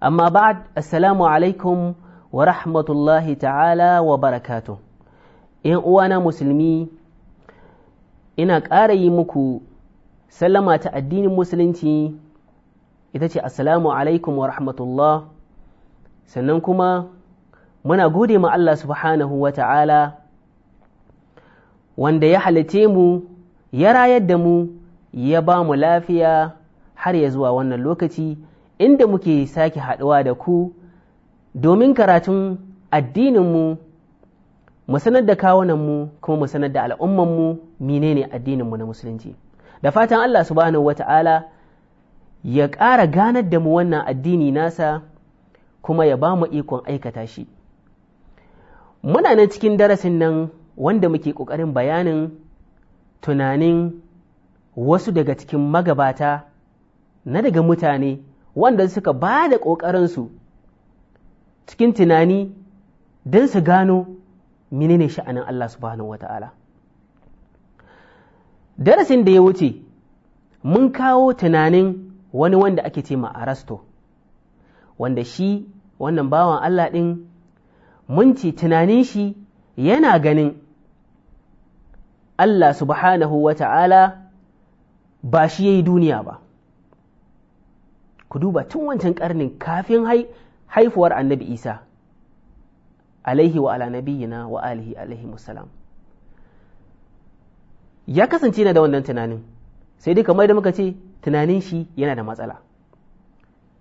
amma ba'ad assalamu alaikum wa rahmatullahi ta'ala wa barakatu ƴan uwana musulmi ina ƙara yi muku sallama ta addinin musulunci ita ce assalamu alaikum wa rahmatullah sannan kuma muna gode ma Allah subhanahu wa ta'ala wanda ya halitte mu ya rayar da mu ya ba mu lafiya har ya zuwa wannan lokaci inda muke sake haɗuwa da ku domin karatun addininmu mu sanar da kawunanmu kuma mu sanar da al'ummanmu menene addininmu na musulunci da fatan Allah subhanahu wata'ala ya ƙara ganar da mu wannan addini nasa kuma ya ba mu ikon aikata shi muna nan cikin darasin nan wanda muke ƙoƙarin bayanin tunanin wasu daga cikin magabata na daga mutane wanda suka ba da ƙoƙarinsu cikin tunani don su gano menene sha'anin Allah subhanahu wata'ala darasin da ya wuce mun kawo tunanin wani wanda ake ce ma arasto wanda shi wannan bawan Allah ɗin mun ce tunanin shi yana ganin Allah subhanahu wa ta'ala ba shi ya yi duniya ba, ku duba tun wancan karnin kafin haifuwar annabi isa alaihi wa ala nabiyyina wa alihi alaihi musalam ya kasance na da wannan tunanin sai dai kamar da muka ce tunanin shi yana da matsala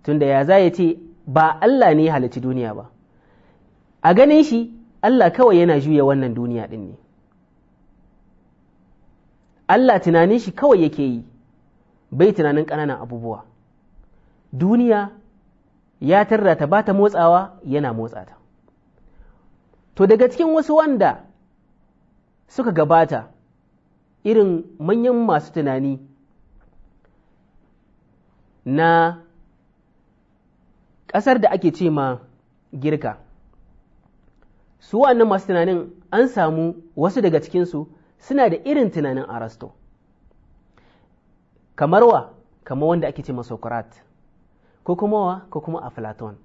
tunda ya za ya ce ba Allah ne ya halarci duniya ba a ganin shi Allah kawai yana juya wannan duniya din ne Allah tunanin shi kawai yake yi bai tunanin ƙananan abubuwa duniya ya tarra ta ba ta motsawa yana motsa ta to daga cikin wasu wanda suka gabata irin manyan masu tunani na ƙasar da ake ce ma girka su wa'annan masu tunanin an samu wasu daga cikinsu suna da irin tunanin arasto kamar wa kamar wanda ake ce ma socrates ko kuma wa ko kuma a Platon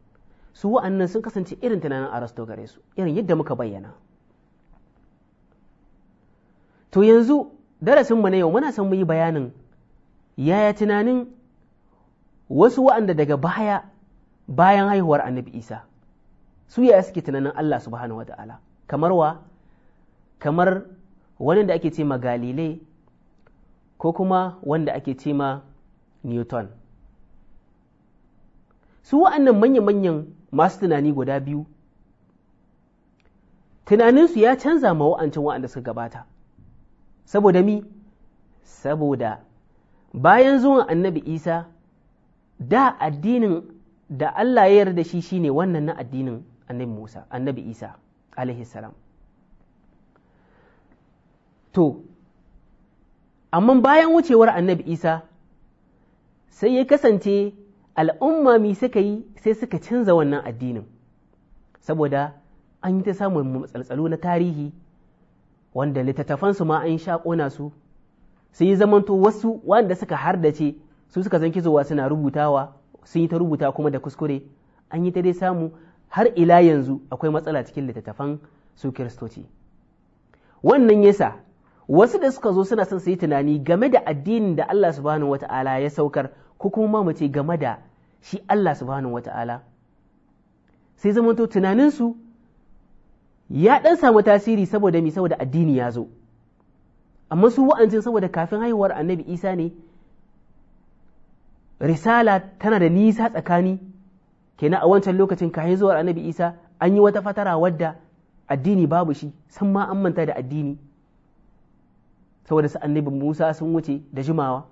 su wa'annan sun kasance irin tunanin Aristo gare su irin yadda muka bayyana to yanzu darasin mu na yau muna son mu yi bayanin yaya tunanin wasu wa'anda daga baya bayan haihuwar Annabi Isa su yaya suke tunanin Allah subhanahu wata'ala kamar wa kamar wani da ake ce ma Galilei ko kuma wanda ake ce ma Newton su wa'annan manya-manyan masu tunani guda biyu tunaninsu ya canza ma wa'ancan wa'anda suka gabata saboda mi saboda bayan zuwan annabi isa da addinin da Allah ya yarda shi shine wannan na addinin annabi Musa annabi Isa alaihi salam to amma bayan wucewar annabi Isa sai ya kasance al'umma mi suka yi sai suka canza wannan addinin saboda an yi ta samun matsaltsalo na tarihi wanda littattafansu ma an sha ƙona su sai yi zamanto wasu wanda suka hardace su suka zanki zuwa suna rubutawa sun yi ta rubuta kuma da kuskure an yi ta dai samu har ila yanzu akwai matsala cikin littattafan su kiristoci wannan yasa wasu da suka zo suna son su yi tunani game da addinin da Allah subhanahu wata'ala ya saukar ko kuma ma mace game da shi Allah subhanahu wata'ala sai zamanto tunaninsu ya ɗan samu tasiri saboda mi saboda addini ya zo amma su wa'ancin saboda kafin haihuwar annabi isa ne risala tana da nisa tsakani kenan a wancan lokacin kayan zuwar annabi isa an yi wata fatara wadda addini babu shi san ma an manta da addini saboda su annabi musa sun wuce da jimawa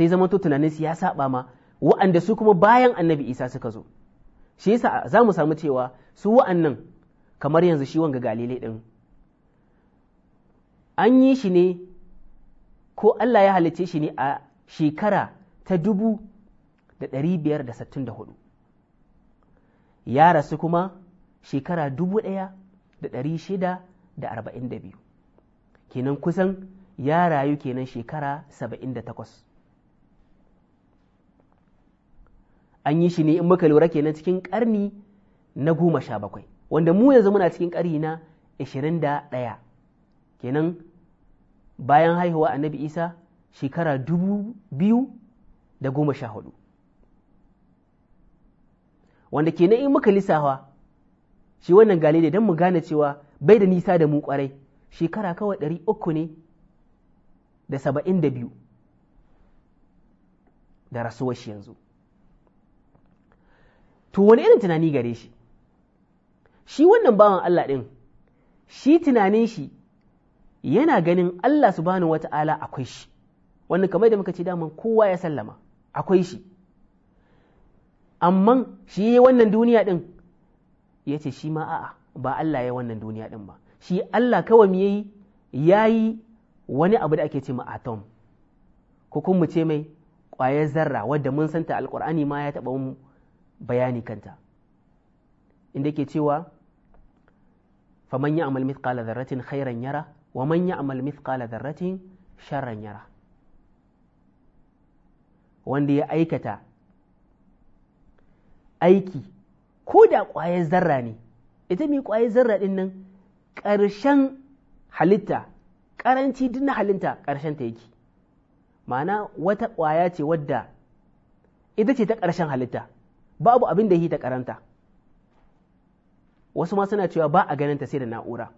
sai zama to tunanin su ya saba ma wa'anda su kuma bayan annabi isa suka zo shi yasa za mu samu cewa su wa'annan kamar yanzu shi wanga galile din an yi shi ne ko Allah ya halicce shi ne a shekara ta dubu da ɗari biyar da sittin da hudu ya rasu kuma shekara dubu ɗaya da ɗari shida da arba'in da biyu kenan kusan ya rayu kenan shekara saba'in da takwas an yi shi ne in muka lura kenan cikin ƙarni na goma sha bakwai wanda mu yanzu muna cikin ƙarni na ashirin da ɗaya kenan bayan haihuwa annabi isa shekara dubu biyu da goma sha hudu wanda kenan in muka lissafa shi wannan galile don mu gane cewa bai da nisa da mu kwarai shekara kawai ɗari uku ne da saba'in da biyu da rasuwar shi yanzu to wani irin tunani gare shi shi wannan bawan Allah ɗin shi tunanin shi yana ganin Allah subhanahu wata'ala akwai shi wannan kamar da muka ce daman kowa ya sallama akwai shi amma shi ya wannan duniya ɗin ya ce shi ma a'a ba Allah ya wannan duniya ɗin ba shi Allah kawai yayi ya yi wani abu da ake ce ma atom ko kuma mu ce mai ƙwayar zarra wadda mun santa alƙur'ani ma ya taɓa bayani kanta inda ke cewa faman ya amal mithqala dharratin khairan yara wa man ya amal mithqala dharratin sharran yara wanda ya aikata aiki ko da ƙwayar zarra ne ita mai ƙwayar zarra ɗin nan ƙarshen halitta ƙaranci duk na halitta ƙarshen ta yake ma'ana wata ƙwaya ce wadda ita ce ta ƙarshen halitta babu abin da ta karanta wasu ma suna cewa ba a ganinta sai da na'ura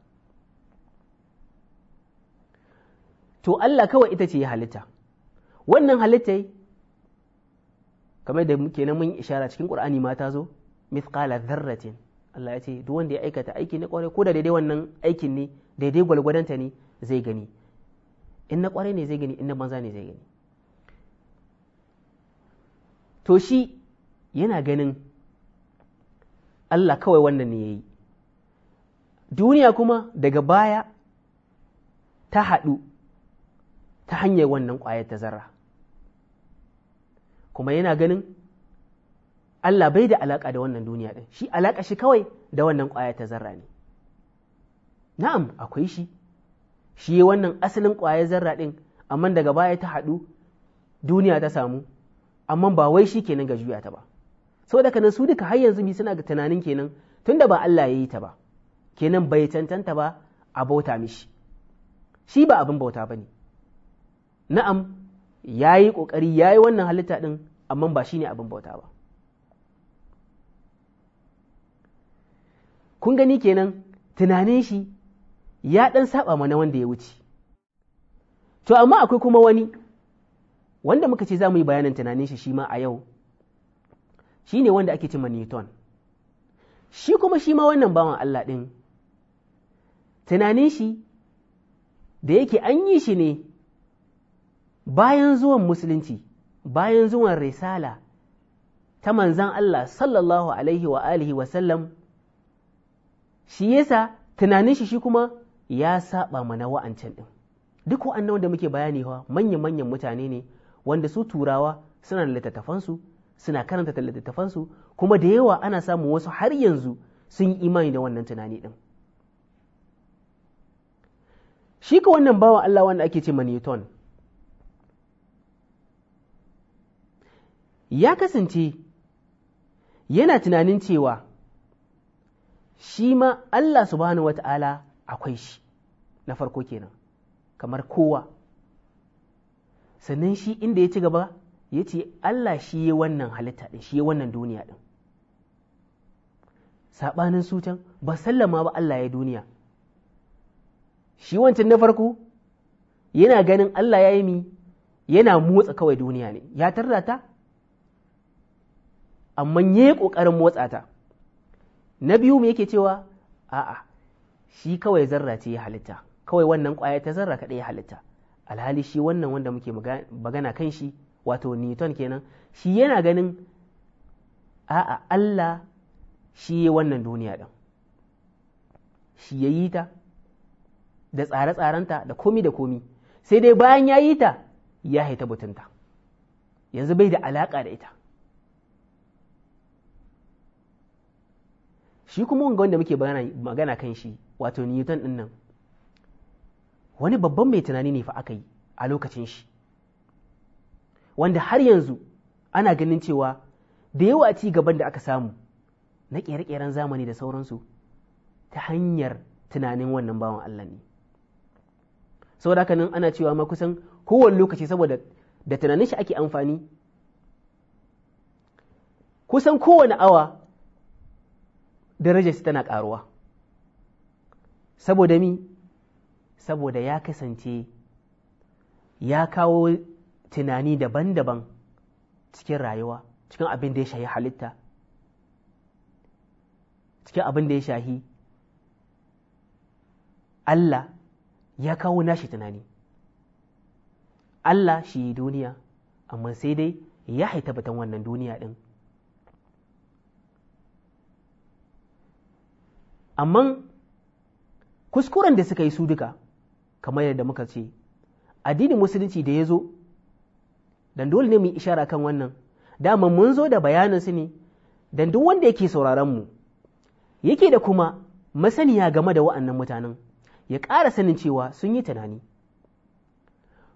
to Allah kawai ita ce ya halitta wannan halitta kamar da muke nan mun ishara cikin Qur'ani ma ta zo mithqala dharratin Allah ya ce duk wanda ya aikata aiki na ƙwarai ko da daidai wannan aikin ne daidai gwalgwadanta ne zai gani in na ƙwarai ne zai gani in na banza ne zai gani to shi yana ganin Allah kawai wannan ne ya yi duniya kuma daga baya ta haɗu ta hanyar wannan ƙwayar ta zarra kuma yana ganin Allah bai da alaƙa da wannan duniya ɗin shi alaƙa shi kawai da wannan ƙwayar ta zarra ne na'am akwai shi shi yi wannan asalin ƙwayar zarra ɗin amma daga baya ta haɗu duniya ta samu amma ba wai shi kenan ga juya ta ba so daga nan su duka har yanzu bi suna ga tunanin kenan tunda ba Allah ya yi ta ba kenan bai cancanta ba a bauta mishi shi ba abin bauta ba ne na'am ya yi ƙoƙari ya yi wannan halitta ɗin amma ba shi ne abin bauta ba kun gani kenan tunanin shi ya ɗan saba mana wanda ya wuce to amma akwai kuma wani wanda muka ce za mu yi bayanin tunanin shi shi ma a yau shi ne wanda ake cima Newton. Shi kuma shi ma wannan bawan Allah ɗin, tunanin shi da yake an yi shi ne bayan zuwan musulunci, bayan zuwan risala ta manzan Allah sallallahu Alaihi wa alihi wasallam, shi yasa tunanin shi shi kuma ya saba mana wa'ancan ɗin. Duk wa'annan da muke bayani manya manyan mutane ne wanda su turawa suna da littattafansu suna karanta littattafansu kuma da yawa ana samun wasu har yanzu sun yi imani da wannan tunani ɗin shi ka wannan bawan Allah wanda ake ce Maniton, ya kasance yana tunanin cewa shi ma Allah Su bani wata'ala akwai shi na farko kenan kamar kowa sannan shi inda ya ci gaba ya ce Allah shi ya wannan halitta ɗin shi ya wannan duniya ɗin saɓanin sutan, can ba sallama ba Allah ya duniya shi wancan na farko yana ganin Allah ya yi mi yana motsa kawai duniya ne ya tarda ta amma ya yi ƙoƙarin motsa ta na biyu me yake cewa a'a shi kawai zarra ce ya halitta kawai wannan ƙwaya ta zarra kaɗai ya halitta alhali shi wannan wanda muke magana kan shi wato Newton kenan shi yana ganin a'a Allah shi yi wannan duniya ɗin shi ya yi ta da tsare-tsarenta da komi da komi sai dai bayan ya yi ta ya haita butunta yanzu bai da alaƙa da ita shi kuma wanga wanda muke magana kan shi wato Newton ɗin nan wani babban mai tunani ne fa aka yi a lokacin shi wanda har yanzu ana ganin cewa da yawa ci gaban da aka samu na ƙere-ƙeren zamani da sauransu ta hanyar tunanin wannan bawan Allah ne saboda haka nan ana cewa ma kusan kowane lokaci saboda da tunanin shi ake amfani kusan kowane awa darajarsu tana ƙaruwa saboda mi saboda ya kasance ya kawo tunani daban-daban cikin rayuwa cikin abin da ya shahi halitta cikin abin da ya shahi Allah ya kawo nashi tunani Allah shi yi duniya amma sai dai ya haita batan wannan duniya ɗin amma kuskuren da suka yi su duka kamar yadda muka ce addinin musulunci da ya zo dan dole ne mu yi ishara kan wannan dama mun zo da bayanin su ne dan duk wanda yake sauraron mu yake da kuma masaniya game da wa'annan mutanen ya ƙara sanin cewa sun yi tunani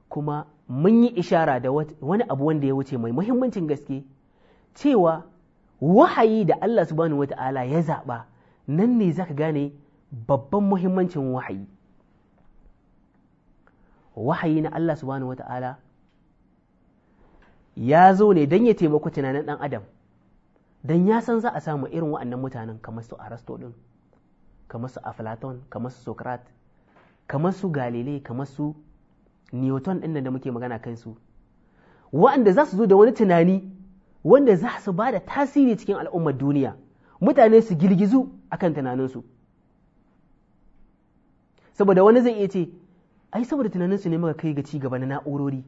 kuma mun yi ishara da wani abu wanda ya wuce mai muhimmancin gaske cewa wahayi da Allah subhanahu wata'ala ya zaɓa nan ne zaka gane babban muhimmancin wahayi wahayi na Allah subhanahu wata'ala ya zo ne don ya taimako tunanin ɗan adam don ya san za a samu irin waɗannan mutanen kamar su arasto ɗin kamar su aflaton kamar su sokrat kamar su galile kamar su newton ɗin da muke magana kansu waɗanda za su zo da wani tunani wanda za su ba da tasiri cikin al'ummar duniya mutane su girgizu akan tunaninsu saboda wani zai iya ce ai saboda tunaninsu ne muka kai ga ci gaba na na'urori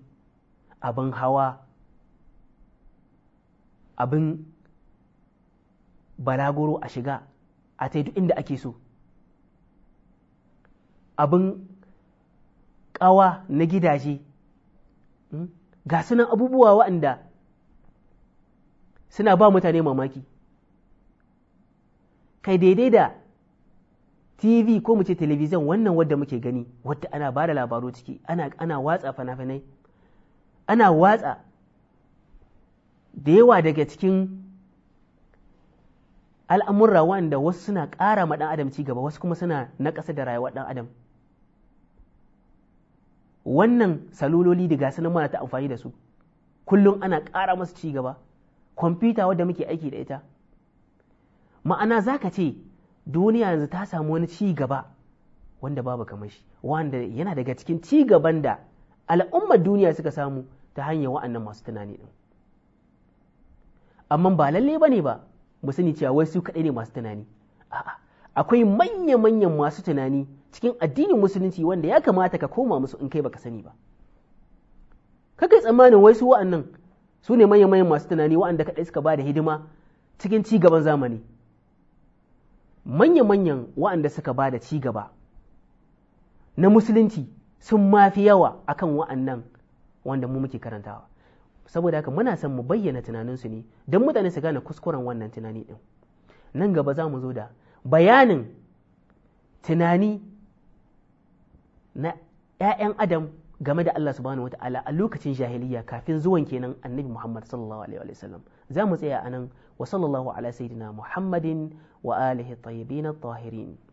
abin hawa abin balagoro a shiga a ta inda ake so abin ƙawa na gidaje hmm, ga sunan abubuwa waɗanda suna ba mutane mamaki kai daidai da tv ko mu ce telebijin wannan wadda muke gani wadda ana ba da labaru ciki ana watsa fana finai ana watsa da yawa daga cikin al'amurra wanda wasu suna ƙara ma ɗan adam ci gaba wasu kuma suna na ƙasa da rayuwar ɗan adam wannan salololi da gasu nan mana ta amfani da su kullum ana ƙara masu ci gaba? kwamfuta wadda muke aiki da ita ma'ana za ka ce duniya yanzu ta samu wani ci gaba wanda babu kamar shi wanda yana daga cikin ci gaban da al'ummar duniya suka samu ta hanyar wa'annan masu tunani ɗin amma ba lalle ba ne ba mu sani cewa wai su kaɗai ne masu tunani a'a akwai manya-manyan masu tunani cikin addinin musulunci wanda ya kamata ka koma musu in kai baka sani ba kakai tsammanin wai su wa'annan su ne manya-manyan masu tunani wa'anda kaɗai suka ba da hidima cikin ci gaban zamani manya-manyan wa'anda suka ba da ci gaba na musulunci sun mafi yawa akan wa'annan wanda mu muke karantawa saboda haka muna son mu bayyana tunaninsu ne don mutane su gane kuskuren wannan tunani ɗin nan gaba za mu zo da bayanin tunani na 'ya'yan adam game da Allah subhanahu wa ta'ala a lokacin jahiliya kafin zuwan kenan annabi Muhammad sallallahu alaihi wa sallam za mu tsaya anan wa sallallahu ala sayyidina Muhammadin wa alihi tayyibin at-tahirin